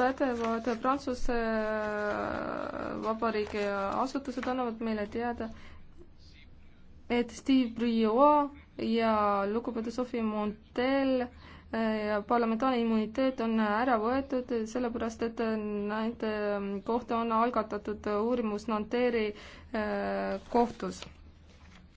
pädevad Prantsuse äh, Vabariigi asutused annavad meile teada, et Steve Briot ja lugupeetud Sophie Montel äh, ja parlamentaarne immuniteet on ära võetud, sellepärast et äh, nende kohta on algatatud uurimus Nanterre kohtus